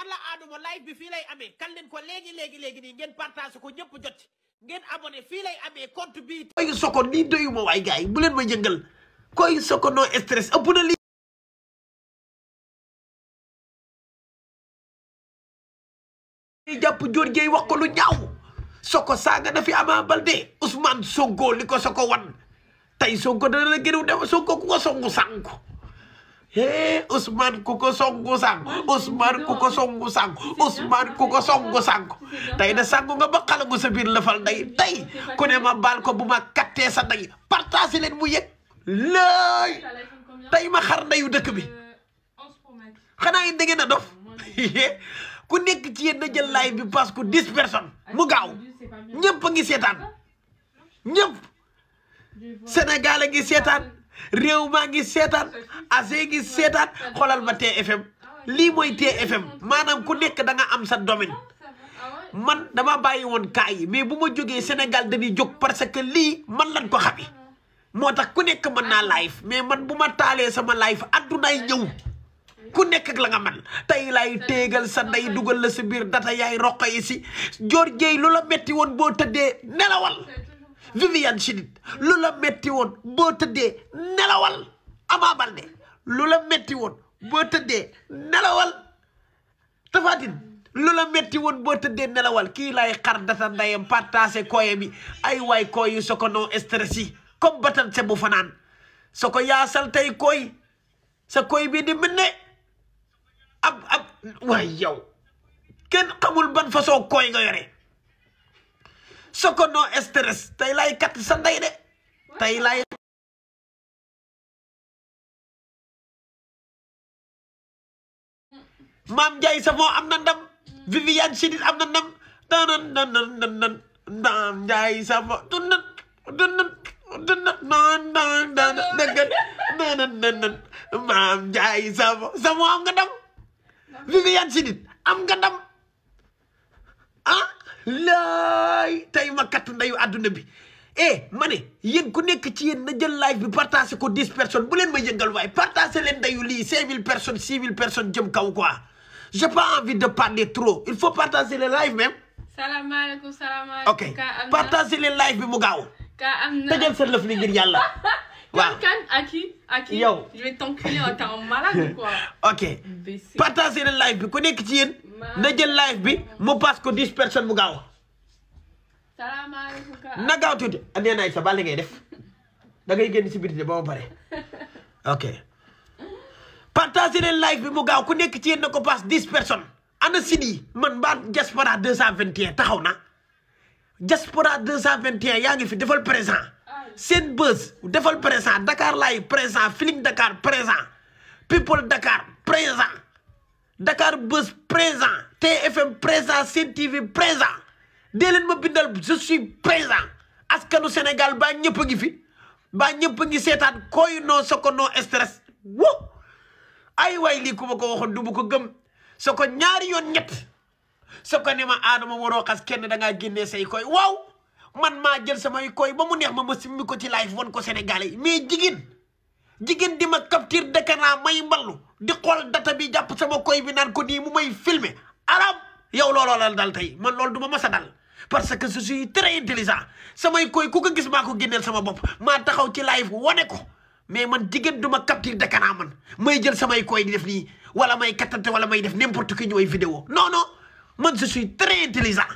alla aaduma live bi fii lay amee kan leen ko léegi léegi léegi nii ngeen partage ko ñëpp jot ngeen abonné fii lay amee compte bi koy soko nii doyuma waay gars yi bu leen ma jëngal koy soko no stress ëpp na li jàpp jóor géey wax ko lu ñaaw soko saaga na fi Ama Baldé Ousmane ko li ko soko wan tey Sonko dana la gënu dem Sonko ku ko songu sànku hee Ousmane ku ko songu sangu Ousmane ku ko songu sangu Ousmane ku ko songu sangu tey de sangu nga ba xalagu sa biir lëfal nday tey ku ne ma baal ko bu ma kattee sa nday partagé leen mu yëg laay tey ma xar ndayu dëkk bi xanaa yi dégg na dof ku nekk ci yéen na jël bi parce que dix personnes mu gaaw ñëpp ngi seetaan ñëpp Sénégal a ngi seetaan réew maa ngi seetaan asee ngi seetaan xoolal ma fm lii mooy TFM maanaam ku nekk da nga am sa domaine man dama bàyyi woon kaa yi mais bu ma jógee Sénégal dañuy jóg parce que lii man lañ ko xamee moo tax ku nekk mën naa live mais man bu ma taalee sama live addunaay ñëw ku nekk ak la nga man tey lay téegal sa ndey dugal la sa biir data yaay roqo yi si jor jeey lu la metti woon boo tëddee nelawal Viviane Chidid lu la metti woon boo tëddee nelawal Ama Baldé lu la metti woon boo tëddee nelawal Tapha lu la metti woon boo tëddee nelawal kii lay xar data ndayam partagé kooye mi ay waay kooy soko non stress yi batan se bu fanaan so ko yaasal tey kooy sa koy bi di mën ab ab waay yow kenn xamul ban façon kooy nga yore soko no stress tey lay kat sa ndey de tey lay maam Ndiaye Savon am na ndam Viviane Chidid am na ndam danan danan danan maam Ndiaye Savon dunan dunan dunan non non non dëgg nanan nanan maam Ndiaye Savon Savon am nga ndam Viviane Chidid am nga ndam ah laay tey ma kattu ndeyu àdduna bi eh ma ne yéen ku nekk ci yéen na jël live bi partagé ko dix personnes bu leen ma yëngal waaye partagé leen ndeyu lii cinq mille personnes six mille personnes jëm kaw quoi j'ai pas envie de parler trop il faut partager le live même. salaamaaleykum salaamaaleykum. ok partagez le live bi mu gaaw. ka am na tëjal sa lëf li ngir yàlla. waaw kan Aki Aki yow je vais t'enculer t'es un malade quoi. ok partagez le bi ku nekk ci yéen. na jël live bi mu passe ko dix personnes mu gaaw. salaamaaleykum Ka. na gaaw tuuti ah, nee naa sa bàll ngay def da ngay génn si biti de ba ma pare ok partagez le live bi mu gaaw ku nekk ci yenn na ko passe dix personnes. ana Sidi man mbaa diaspora deux cent vingt et un taxaw na diaspora deux cent vingt et un yaa ngi fi defal présent. seen bës defal présent Dakar laay présent Feeling Dakar présent People Dakar présent Dakar buzz présent TFM présent Sen TV présent dee leen ma bindal je suis présent askanu Sénégal baa ñëpp a ngi fi baa ñëpp a ngi seetaan koy noo so ko noo stress wu ay waay lii ma ko waxoon du ko gëm soko ñaari yoon ñett so ko ne ma adama waroo xas kenn dangaa génnee say koy waaw man maa jël samay koy ba mu neex ma ma simmi ko ci live won ko Sénégalais yi mais jigéen jigéen di ma capture d'écran may mballu di kol data bi jàpp sama koy bi naan ko nii mu may filme arab yow looloo la dal tey man loolu duma ma mas dal parce que je suis très intelligent samay koy ku ko gis maa ko génneel sama bopp maa taxaw ci live wane ko mais man jigéen du ma capture d'écran man may jël samay koy di def nii wala may kattante wala may def n'importe qui ñooy vidéo non non man je suis très intelligent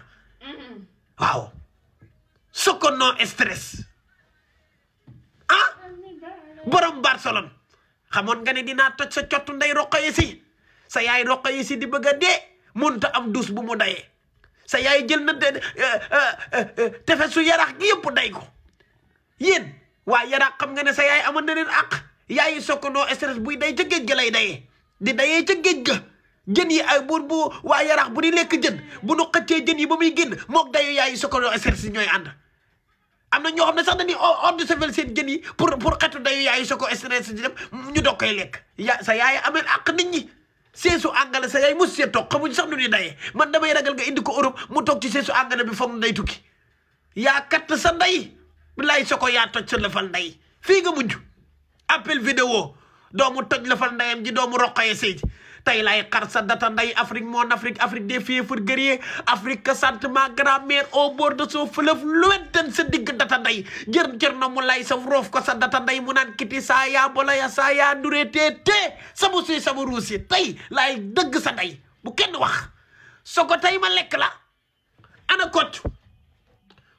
waaw Soko no stress ah borom Barcelone xamoon nga ne dinaa toj sa cottu nday roqoye si sa yaay roqoye si di bëgg a dee munta am dus bu mu dayee sa yaay jël na eh, eh, eh, tefesu yaraax gi yëpp day ko yéen waa yaraax xam nga ne sa yaay ama na leen àq yaayi Soko no stress buy day ca gëj ga lay dayee di dayee ca géej ga jën yi ay bu bu waa yaraax bu di lekk jën bu nu xëccee jën yi ba muy gën mook dayu yaay Soko no stress ñooy ànd am na ñoo xam ne sax dañuy ordre de cervelle seen jën yi pour pour xetu dayu yaayu soko stress di dem ñu doog lekk sa yaay ameen àq nit ñi seesu angale sa yaay mos see toog xamuñ sax nu ñuy dayee man damay ragal nga indi ko Europe mu toog ci seesu angale bi foog na day tukki yaa katt sa nday bilaay soko yaa toj sa lëfal nday fii nga mujj appel vidéo doomu toj lëfal ndayam ji mu roqoye sëy tey lay xar sa data nday Afrique mon Afrique Afrique des fiefs guerriers Afrique que sente ma grand-mère au bord de son fleuve sa digg data nday jër jër na lay sa roof ko sa data nday mu naan kiti saa yaa bola ya yaa duree tee tee sabu suy sabu ruusi tey lay dëgg sa day bu kenn wax so ko tey ma lekk la ana kocc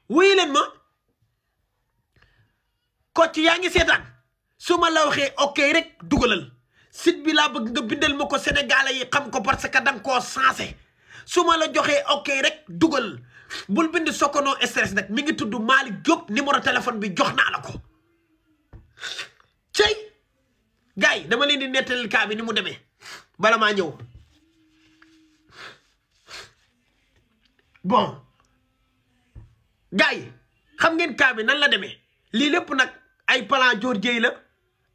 wuyu leen ma kocc yaa ngi seetaan su ma la waxee ok rek dugalal site bi laa bëgg nga bindal ma ko sénégalais yi xam ko parce que dang koo sensé su ma la joxee ok rek dugal bul bind Sokono stress nag mi ngi tudd Malick Diop numéro téléphone bi jox naa la ko cey gars yi dama leen di nettalil kaa bi ni mu demee bala ma ñëw bon gars yi xam ngeen kaa bi nan la demee lii lépp nag ay plan joor jéy la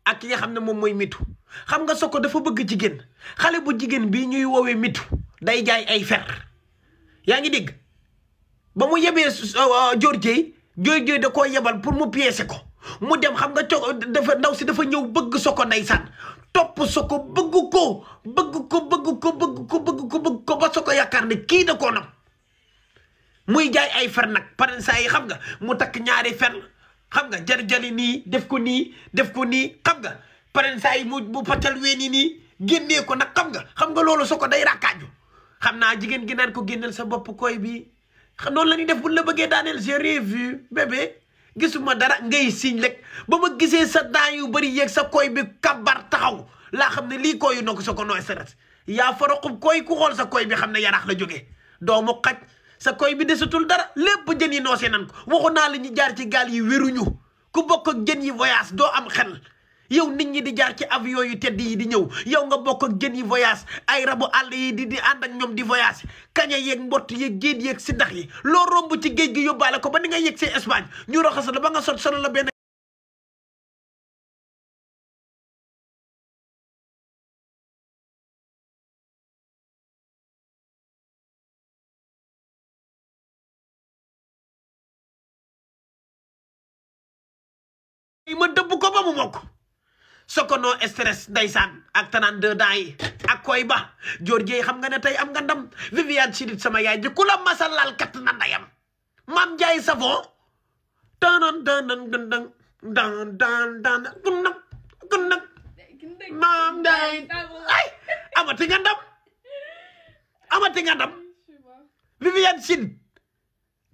ak ki nga xam ne moom mooy mitu xam nga Soko dafa bëgg jigéen xale bu jigéen bi ñuy woowee mitu day jaay ay fer yaa ngi dégg ba mu yebee uh, Dior Dieye Dior Dieye da koo yebal pour mu piéger ko mu dem xam nga co dafa ndaw si dafa ñëw bëgg Soko ndeysaan topp Soko bëgg ko bëgg ko bëgg ko bëgg ko bëgg ko ba Soko yaakaar ne kii da koo nam muy jaay ay fer nag paren saa yi xam nga mu takk ñaari fer xam nga jar jali nii def ko nii def ko nii xam nga paren saa yi mu mu patal weeni nii génnee ko nag xam nga xam nga loolu so ko day rakkaaju xam naa jigéen gi naan ko génneel sa bopp koy bi noonu la ñuy def bu la bëggee daaneel j'ai dara ngay siñ rek ba ma gisee sa daan yu bëri yeeg sa koy bi kabar taxaw laa xam ne lii koyu nokk so ko nooy saret yaa faraqub koy ku xool sa koy bi xam ne yaraax la jógee doomu xaj sa koy bi desatul dara lépp jën yi noosee nan ko waxu naa la ñu jaar ci gaal yi wéruñu ku bokk ak jën yi voyage doo am xel yow nit ñi di jaar ci avion yu tedd yi di ñëw yow nga bokk ak yi voyage ay rabu àll yi di di ànd ak ñoom di voyage kaña yeeg mbott yeeg géej yeeg si ndax yi loo romb ci géej gi yóbbaale ko ba ni ngay yegg see Espagne ñu roxas la ba nga sot solo la benn ma dëbb ko ba mu mokk sokono stress ndaysaan ak tanaan deux dents ak koy ba joor jeey xam nga ne tey am nga ndam Viviane Chidid sama yaay ji ku la kat na ndayam maam Njaay Savon tanan danan gëndang dan maam Njaay ay amati nga ndam amati nga ndam Viviane Chidid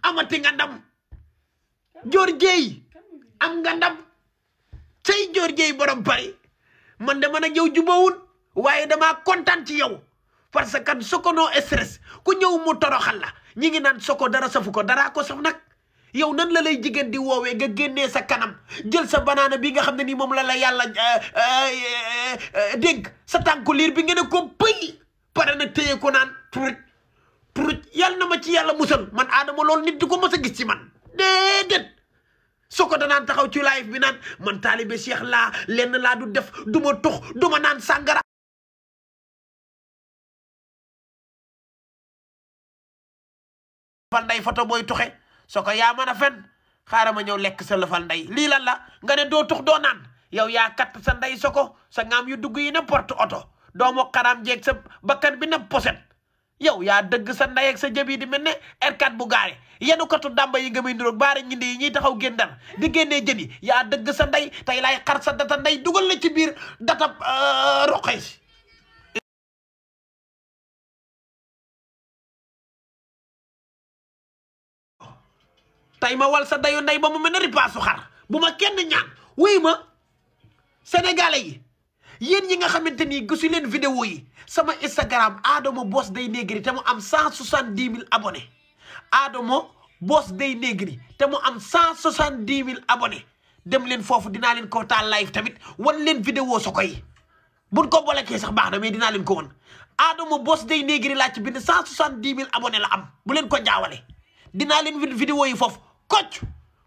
amati nga ndam joor jeey am nga ndam sey joor jeey borom bari man dama na yow jubawul waaye damaa kontaan ci yow parce que soko noo stress ku ñëw mu xal la ñi ngi naan soko dara safu ko daraa ko saf nag yow nan la lay jigéen di woowee nga génnee sa kanam jël sa banaana bi nga xam ne nii moom la la yàlla euh, euh, euh, dégg sa tànku liir bi nga ne ko pëy pare na téye ko naan turuj turuj yàlla na ma ci yàlla musal man aadama loolu nit du ko mës a ci man déedéet su danaan taxaw ci live bi naan man taalibe Cheikh laa lenn laa du def du ma tux du ma naan sàngara fal ndey foto booy tuxe soo ko yaa mën a fen xaaral ma ñëw lekk sa lëfal ndey lii lan la nga ne doo tux doo naan yow yaa kat sa ndey soko sa ngaam yu dugg yi porte oto doomu xaraam jeeg sa bakkan bi na poset yow yaa dëgg sa ndey sa jëb di mel ne r bu gaare yenu katu dàmba yi nga may niroog baara ñi yi ñuy taxaw génn dan di génnee jën yaa dëgg sa ndey tey laay xar sa data ndey dugal la ci biir data euh, roqee si tey ma wal sa dayu ndey ba mu mel ne ripaasu xar bu ma kenn ñaan wuy ma sénégalais yi yéen yi nga xamante ni gisu leen vidéo yi sama Instagram Adamo bos day Negri te mu am cent soixante dix mille abonnés Adamo Boss Dey Negri te mu am cent soixante dix mille abonnés dem leen foofu dinaa leen ko taal live tamit wan leen vidéo soko yi buñ ko bolekee sax baax na mais dinaa leen ko wan Adamo Boss Dey Negri laa ci bind cent soixante dix mille abonnés la am bu leen ko jaawale dinaa leen vidéo yi foofu kocc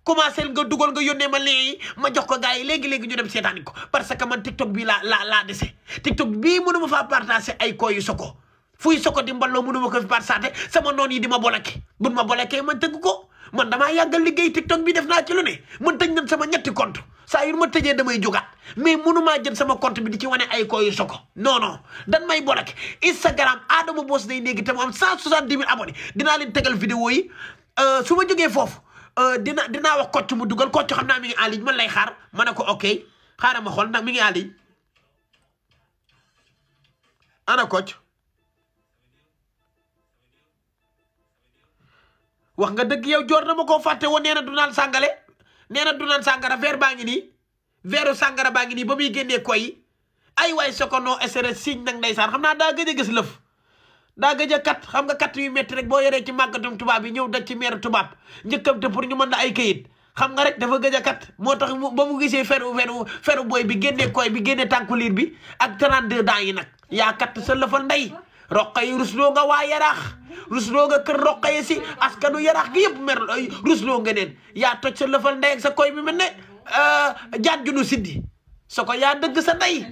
commencé nga dugal nga yónnee ma léegi ma jox ko gars yi léegi-léegi ñu dem seetaani ko parce que man TikTok bii la laa laa dese TikTok bii mënuma faa partagé ay koo yu soko fuy soko di mballoo mënuma ko fi partagé sama noon yi di ma bolake buñ ma bolakee man tëgg ko man damaa yàggal liggéey TikTok bi def naa ci lu ne man tëj nañ sama ñetti compte saa yu ma tëjee damay jógaat mais mënumaa jël sama compte di ci wane ay koo yu soko non non dan may bolake Instagram Adama Boss day néegi te mu am cent soixante dix dinaa leen tegal vidéo yi euh, su ma jógee foofu Euh, dina dinaa wax kocc mu dugal kocc xam naa mi ngi en ligne man lay xaar ma ne ko ok xaaral ma xool ndax mi ngi en ana kocc wax nga dëgg yow joor na ma ko fàtte woon nee na du naan sàngale nee na du naan sàngara verre baa ngi nii veeru sàngara baa ngi nii ba muy génnee koy ay waay Sokono SRS signe nag ndeysaan xam naa daa gëj a gis lëf daa gëj a kat xam nga kat yu métti rek boo yoree ci màggatum tubaab yi ñëw daj ci meeru tubaab njëkkamte pour ñu mën la ay kayit xam nga rek dafa gëj a kat moo tax ba mu gisee feru feru feru booy bi génne koy bi génne tànku liir bi ak 32 dents yi nag yaa kat sa la fa ndey roqa yi rusloo nga waa yaraax rusloo nga kër roqa yi si askanu yaraax gi yëpp mer rusloo nga neen yaa toj sa lëfal ndey ak sa koy bi mel ne euh, jaan junu siddi so ko yaa dëgg sa ndey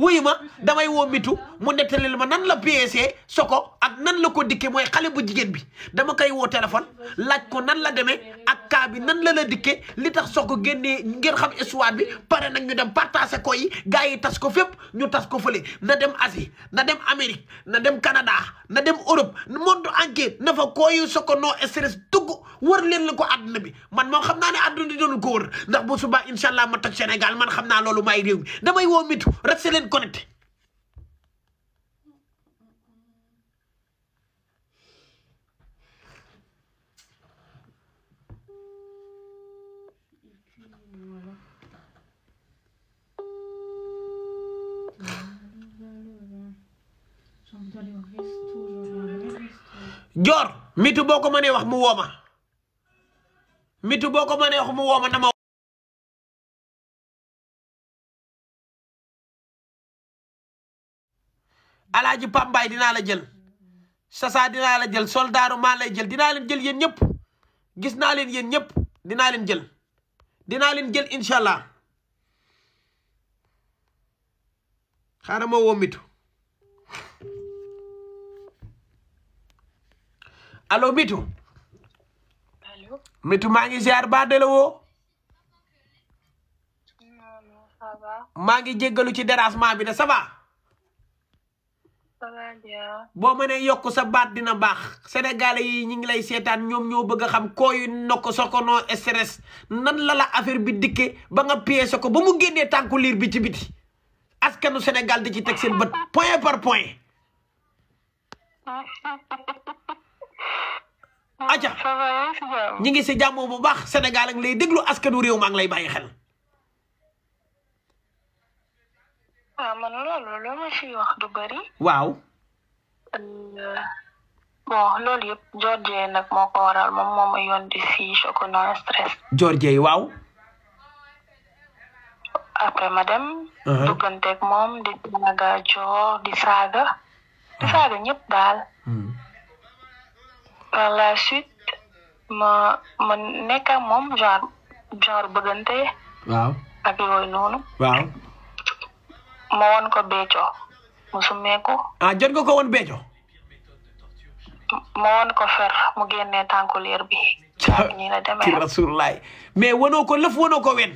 wuyu ma damay woo mitu mu la ma nan la PSC soko ak nan la ko dikke mooy xale bu jigéen bi dama koy woo téléphone laaj ko nan la demee ak cas bi nan la la dikke li tax soko génnee ngeen xam histoire bi pare nag ñu dem partagé koy yi gars yi tas ko fépp ñu tas ko fële na dem Asie na dem Amérique na dem Canada na dem Europe monde entier na fa kooyu soko no stress dugg war leen la ko àdduna bi man moom xam naa ne àdduna di doon ko wër ndax bu subaa incha allah ma toj Sénégal man xam naa loolu maay réew mi damay woo connecté joor mitu boo ko mënee wax mu wooma mitu boo ko mënee wax mu wooma na ma alaaji pambaay dinaa la jël sasa dinaa la jël soldaaru maa lay jël dinaa jël yéen ñëpp gis naa leen yéen ñëpp dinaa leen jël dinaa leen jël incha allah xaaral ma womitu allo mitu mitu maa ngi ziar ba de la woo maa ngi jéggalu ci dérangement bi de boo mënee yokk sa baat dina baax sénégalais yi ñu ngi lay seetaan ñoom ñoo bëgg a xam kooyu nokk sokono stress nan la la affaire bi dikkee ba nga pièce ko ba mu génnee tànku liir bi ci biti askanu sénégal di ci teg seen bët point par point aja ñi ngi si jàmmoo bu baax sénégal a lay déglu askanu réew maa ngi lay bàyyi xel waaw man loolu la ma wax du bëri. waaw. Euh, bon loolu yëpp Georgie nag moo ko waral moom moo ma yónni fii Chocolat stress. Georgie waaw. après ma dem. Uh-huh. dugganteeg moom di saaga joor di saaga. di uh-huh. saaga ñëpp daal. Hmm. par la suite ma ma nekk ak moom genre genre bëggante. waaw ak noonu. waaw. ma won ko Béthio mu summeeku. ah jot nga ko woon Béthio. ma won ko fer mu génnee tànku leer bi. mais wanoo lëf wanoo ko wen.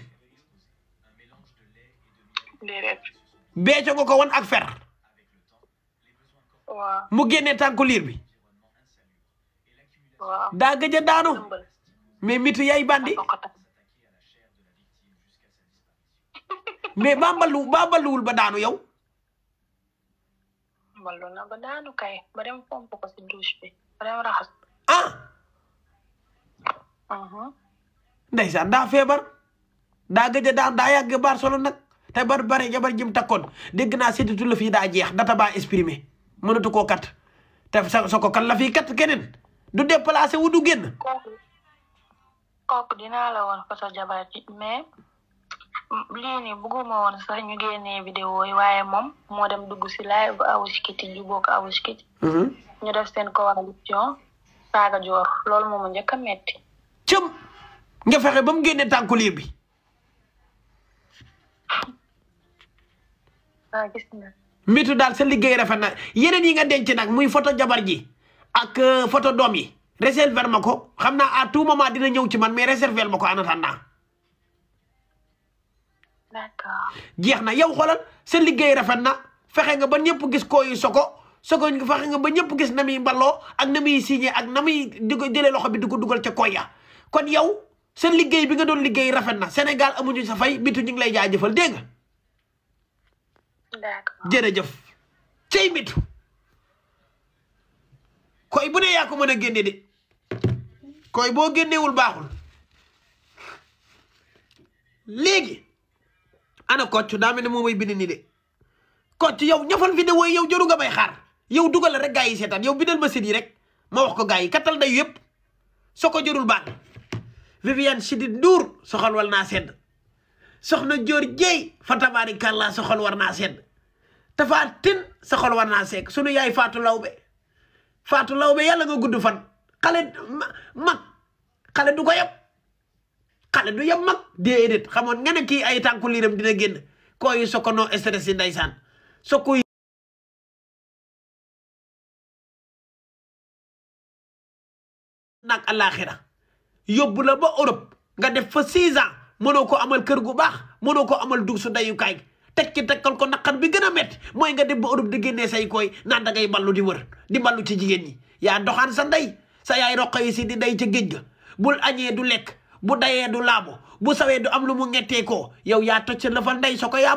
déedéet. ko won ak fer. mu génnee tànku liir bi. waaw daa gëj mais mitu yaay bandi. mais ba mballu ba mballuwul ba daanu yow. mballu na ba daanu kay ba dem pomp ko si douche bi ba dem raxas. ah. Uh-huh. ndeysaan daa feebar daa gëj a daan daa yàgg baar solo nag te bar bare jabar jim takkoon dégg naa sétitu la fii daa jeex data baa exprimé mënatu koo kat te sa kan la kat keneen du déplacé wu du génn. kooku kooku dinaa la woon fa sa jabar ji mais. lii nii bëgguma woon sax ñu génnee vidéo waaye moom moo dem dugg si live bu Awoushkity ju bokk mm-hmm. ñu def seen coalition saaga joor loolu moom njëkk a metti cëm nga fexe ba mu génne tànkulee bi waaw ah, gis daal sa liggéey rafet na yeneen yi nga denc nag muy photo jabar ji ak euh, photo doom yi réserver ma ko xam naa à tout moment dina ñëw ci man mais réserver ma ko en attendant d'accord jeex na yow xoolal seen liggéey rafet na fexe nga ba ñëpp gis kooyu soko soko fexe nga ba ñëpp gis na muy mbaloo ak na muy signé ak na muy di ko loxo bi di ko dugal ca koya kon yow seen liggéey bi nga doon liggéey rafet na Sénégal amuñu sa fay bitu ñu ngi lay jaajëfal dégg nga. d'accord jërëjëf cey bitu koy bu ne yaa ko mën a génne de koy boo génnewul baaxul léegi ana Kocc daa mel ne moom mooy bind nii de Kocc yow ñafal vidéo yi yow jëru nga may xaar yow dugal rek gaa yi seetaan yow bindal ma seen yi rek ma wax ko gaa yi kattal day yëpp soo ko jërul baax Viviane Chidid Ndour wal naa sedd soxna Dior Dieye fa tabaarikàllaa soxal war naa sedd soxal war naa seeg sunu yaay Fatou Lawbe Fatou Lawbe yàlla nga gudd fan xale mag du ko yëpp xale du yem mag déedéet xamoon nga ne ay tànku liiram dina génn koo yi sokonoo stress yi ndeysaan soko nag alaxira yóbbu la ba Europe nga def fa six mënoo ko amal kër gu baax mënoo ko amal dug su dayukaay teg ci tekkal ko naqar bi gën a métti mooy nga def ba Europe di génnee say koy naan da ngay ballu di wër di ballu ci jigéen ñi yaa doxaan sa ndey sa yaay roqo yi di day ca géej ga bul añee du lekk bu dayee du laabu bu sawee du am lu mu ngettee ko yow yaa toj sa lëfal ndey soo ko yaa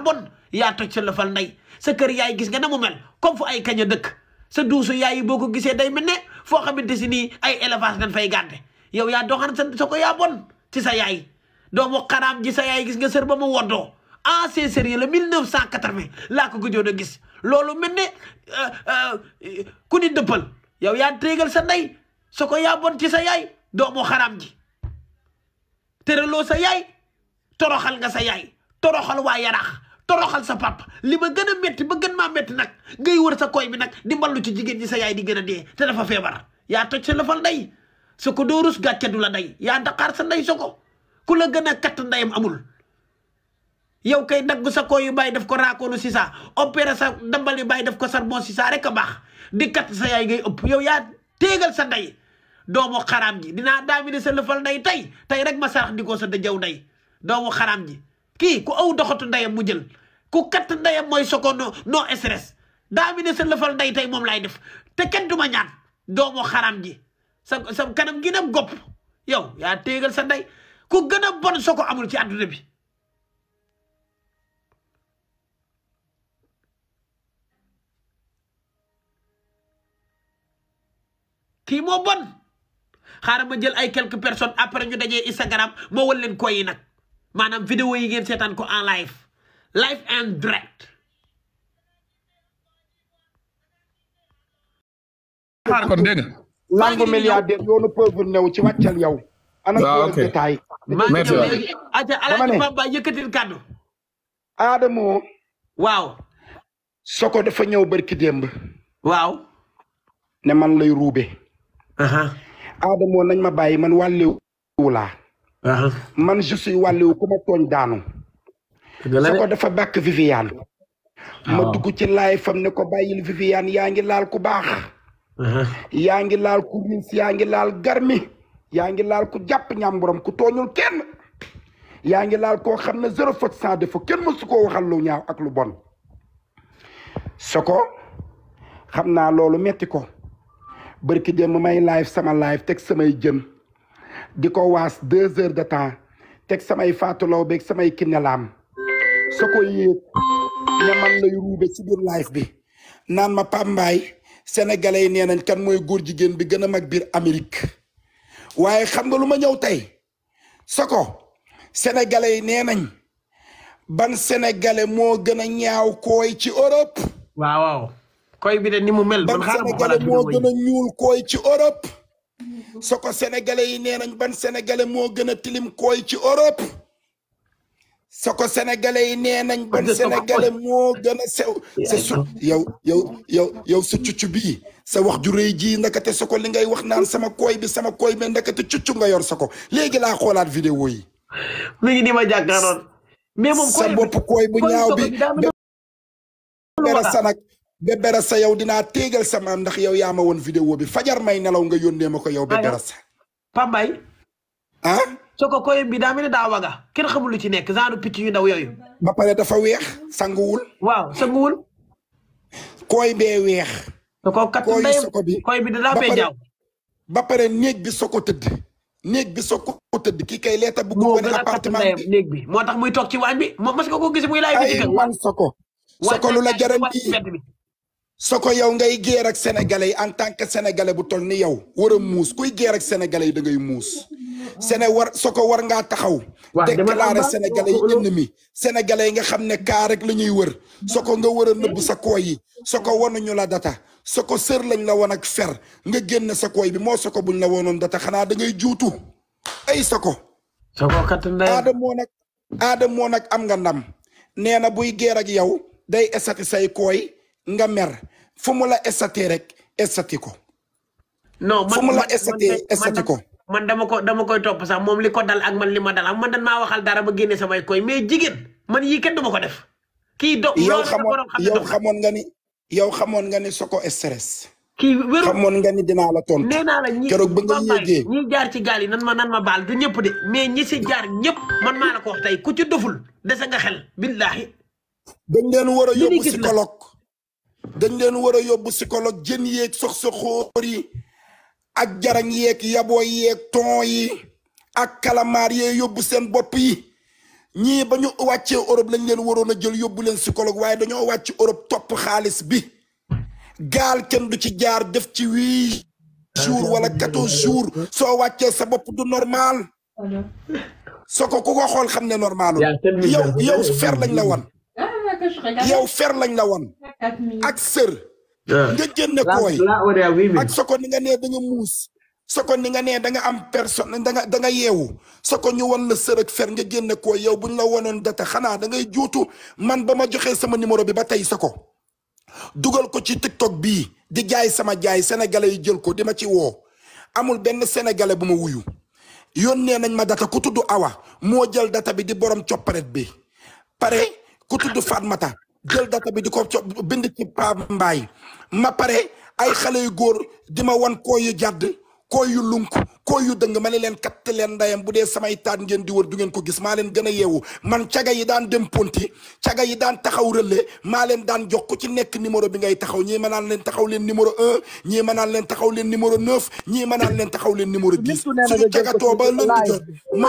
yaa toj sa lëfal ndey sa kër yaay gis nga na mu mel comme fu ay kañ a dëkk sa duusu yaay yi boo ko gisee day mel ne foo xamante si nii ay élevage dañ fay gàdde yow yaa doxan sa soo ko yaa ci sa yaay doomu xaraam ji sa yaay gis nga sër ba mu woddoo ah c'est sérieux le 1980 laa ko gëjoon a gis loolu mel ne euh, euh, ku ni yow yaa téegal sa ndey soo ko yaa bon ci sa yaay doomu xaraam ji tëraloo sa yaay toroxal nga sa yaay toroxal waa yaraax toroxal sa pap li ma gën a métti ba gën maa metti nag ngay wër sa koy bi nag di mballu ci jigéen ñi sa yaay di gën a dee te dafa feebar yaa toj sa lëfal day su ko doo rus gàcce du la day yaa daqaar sa ndey nday ko ku la gën a katt ndayam amul yow kay dagg sa koo yu bàyyi def ko raakoonu si saa opéré sa dambal yu bàyyi def ko sarbon si saa rek a baax di kat sa yaay ngay ëpp yow yaa téegal sa ndey doomu xaraam ji dinaa daamine sa lëfal nday tey tey rek ma sarax ndikoo sa da jaw nday doomu xaraam ji kii ku aw doxatu ndayam mu jël ku katt ndayam mooy soko no non stress daamine sa lëfal nday tey moom laay def te kenn du ñaan doomu xaraam ji sa kanam gi dem gopp yow yaa tegal sa ndey ku gën a bon soko amul ci àdduna bi kii moo bon xaaral ma jël ay quelques personnes après ñu dajee Instagram moo wan leen koy nag maanaam vidéo yi ngeen seetaan ko en live live and direct. kon dégg nga. yoonu pauvre new ci wàccal yow. waaw ah, ok merci beaucoup alaaji Bamba yëkkatil kàddu. Adamo. waaw. Soko dafa ñëw barki démb. waaw. ne man lay ruube. aadamoo nañ ma bàyyi man wàllewu laa ah. man je suis wàllewu ku ma tooñ daanu sa ko dafa bàkk Viviane ah. ma dugg ci lay fam ne ko bàyyil Viviane yaa ngi laal ku baax ah. yaa ngi laal ku rins yaa ngi laal garmi yaa ngi laal ku jàpp ñàmburam ku tooñul kenn yaa ngi laal koo xam ne zéro faute sans kenn mësu koo waxal lu ñaaw ak lu bon Soko xam naa loolu metti ko bërki démb may live sama live teg samay jën di ko waas deux de temps teg samay faatulaw beeg samay kinelam so ko yéeg lay ruube ci biir live bi naan ma pambaay sénégalais yi nee nañ kan mooy góor jigéen bi gën a mag biir Amérique waaye xam nga lu ma ñëw tey so ko yi nee nañ ban sénégalais moo gën a ñaaw kooy ci Europe koy bi ni mu mel. ban sénégalais moo gën a ñuul kooy ci Europe. so ko yi nee nañ ban sénégalais moo gën a tilim koy ci Europe. soko ko yi nee nañ ban sénégalais moo gën a sew. sa su yow yow yow sa cuccu bi sa wax ju rëy ji ndakate te ko li ngay wax naan sama kooy bi sama kooy bi ndakate cuccu nga yor so ko léegi laa xoolaat vidéo yi. mi ni ma jàkkaaroon mais moom kooy sa bopp kooy bu ñaaw bi. dara sanak Béberasa yow dinaa téegal sa ndax yow yaa ma woon bi fajar may nga yónnee ma ko yow. Béberasa Pambay. ah. soo ko koy bi daa mel ni daa waga kenn xamul lu ci nekk genre picc yu ndaw yooyu. ba pare dafa weex sanguwul. waaw sanguwul. kooy weex. soo ko kat ndeyam kooy soko bi bi dinaa bee jaaw. ba pare néeg bi soo ko tëdd. néeg bi soo ko tëdd kii kay leeta bu ko wane appartement bi néeg bi moo tax muy toog ci waañ bi moom mas nga ko gis muy laay bi ci kër. ay man soko. soko lu la jaral bi so ko yow ngay géer ak sénégalais yi en tant que sénégalais bu toll ni yow war a muus kuy géer ak sénégalais yi dangay ngay muus sene war so ko war ngaa taxaw déclaré sénégalais yi ennemi sénégalais yi nga xam ne kaa rek la ñuy wër so ko nga war a nëbb sa kooy yi so ko wanuñu la data so ko sër lañ la woon ak fer nga génn sa kooy bi moo so ko buñ la wonoon data xanaa da ngay juutu ay so ko aada moo nag aada moo nag am nga ndam nee na buy géer ak yow day esati say kooy nga mer fu mu la estate rek estate ko. non man fu mu la estate estate ko. man dama ko dama koy topp sax moom li ko dal ak man li ma dal am man dan maa waxal dara ba génne samay koy mais jigéen man yii kenn duma ko def. kii do yow xamoon yow xamoon nga ni yow xamoon nga ni soko stress. kii wéru xamoon nga ni dinaa la tontu. nee naa la ñi keroog ba nga yéegee ñi jaar ci gaal yi nan ma nan ma baal du ñëpp de mais ñi si jaar ñëpp man maa la ko wax tey ku ci doful dese nga xel billaahi. dañ leen war a yóbbu psychologue dañ leen war a yóbbu psychologue jën yéeg sox soxóor yi ak jarañ yeeg yabooy yéeg ton yi ak kalamaar yee yóbbu seen bopp yi ñii ba ñu wàccee Europe lañ leen waroon a jël yóbbu leen psychologue waaye dañoo wàcc Europe topp xaalis bi gaal kenn du ci jaar def ci huit jours wala quatorze jours soo wàccee sa bopp du normal soo koko ku xool xam ne normalul yow yow fer lañ la wan yow fer lañ la wan ak sër nga génne kooy ak soko ni nga nee da nga muus soko ni nga nee da nga am personne da nga da nga yeewu soko ñu wan la sër ak fer nga génne kooy yow bu ñu la wanoon data xanaa da ngay juutu man ba ma joxee sama numéro bi ba tey soko dugal ko ci tiktok bii di jaay sama jaay sénégalais yi jël ko di ma ci woo amul benn sénégalais bu ma wuyu yoon yónnee nañ ma data ku tudd awa moo jël data bi di borom copparet bi pare ku tudd Fatmata jël data bi di ko co bind ci Pape mbaay ma pare ay xale yu góor di ma wan koo yu jàdd koo yu lunk ko yu dëng ma ne leen katt leen ndayam bu dee samay taat ngeen di wër du ngeen ko gis maa leen gën a yeewu man caga yi daan dem ponti caga yi daan taxaw le maa leen daan jox ku ci nekk numéro bi ngay taxaw ñii ma naan leen taxaw leen numéro un ñii ma naan leen taxaw leen numéro neuf ñii ma naan leen taxaw leen numéro dix suñu cagatoo ba lënd